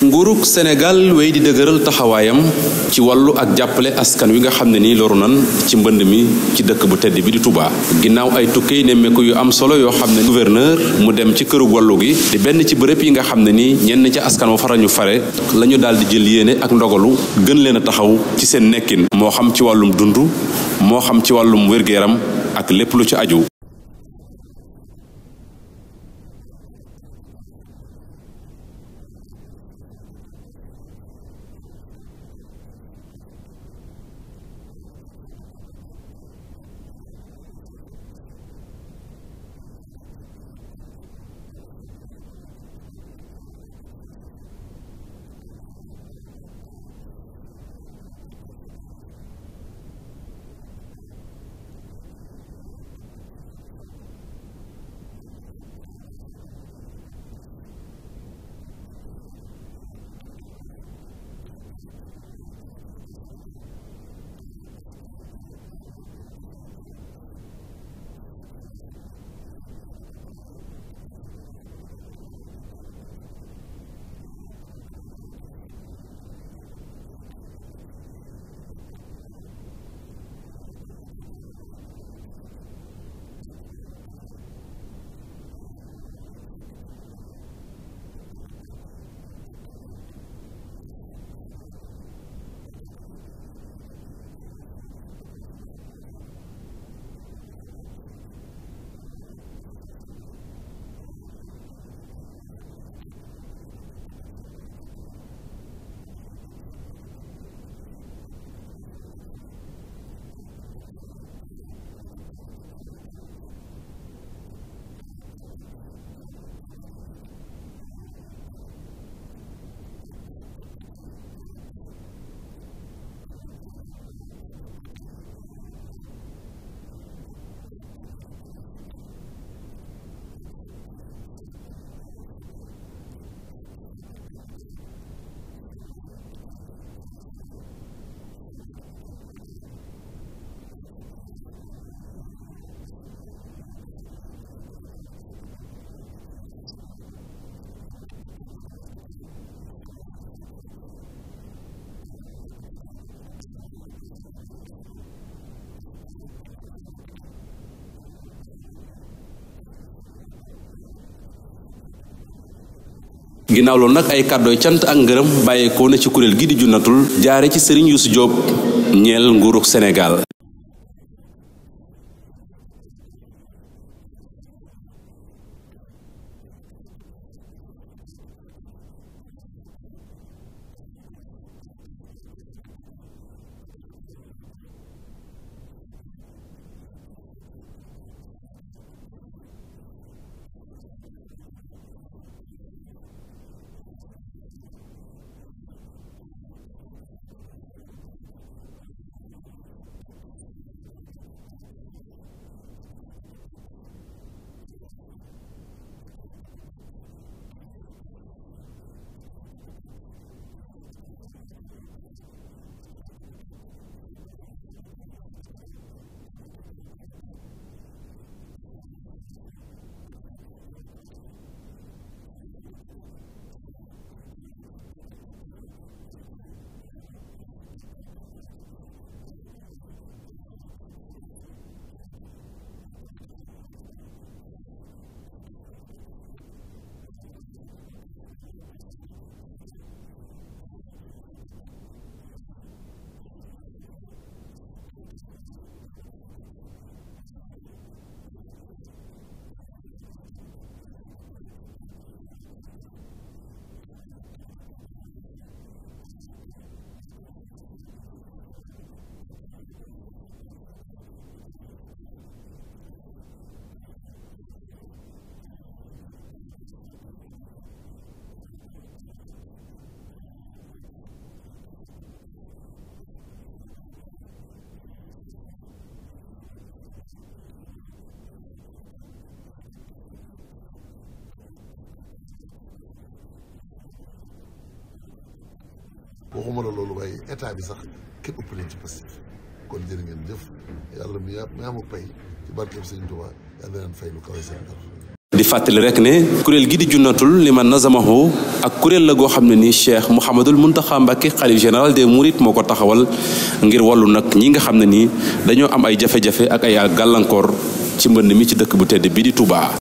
nguurug senegal wéy di dëgëral taxawaayam ci wàllu ak jàppale askan wi nga xam ne nii loru nan ci mbënd mi ci dëkk bu tedd bi di tubaa ginnaaw ay tukkey nemmeeku yu am solo yoo xam ne gouverneur mu dem ci këru wàllu gi di benn ci bërëb yi nga xam ne nii ñenn ca askan wa farañu fare lañu ñu daal di jël yéene ak ndogalu gën leen taxaw ci seen nekkin moo xam ci wàllum dund moo xam ci wàllum wér ak lépp lu ci aju ginnaaw loolu nag ay kàddooy cant ak ngërëm bàyyeekoo na ci kuréel gi di junnatul jaare ci sëriñ Youssou Diop ñeel nguuruk Sénégal waxuma la loolu waaye état bi sax kenn ëpp leen ci Pastef kon jërë ngeen jëf yàlla mi di fàttali rek ne kuréel gi di junnatul li ma nazamahu ak kuréel la goo xam ne nii cheikh mouhamadul muntaxa mbàkke xalif général de murit moo ko taxawal ngir wàllu nag ñi nga xam ne nii dañoo am ay jafe-jafe ak ay gàllankoor ci mbënd mi ci dëkk bu tedd bi di Touba.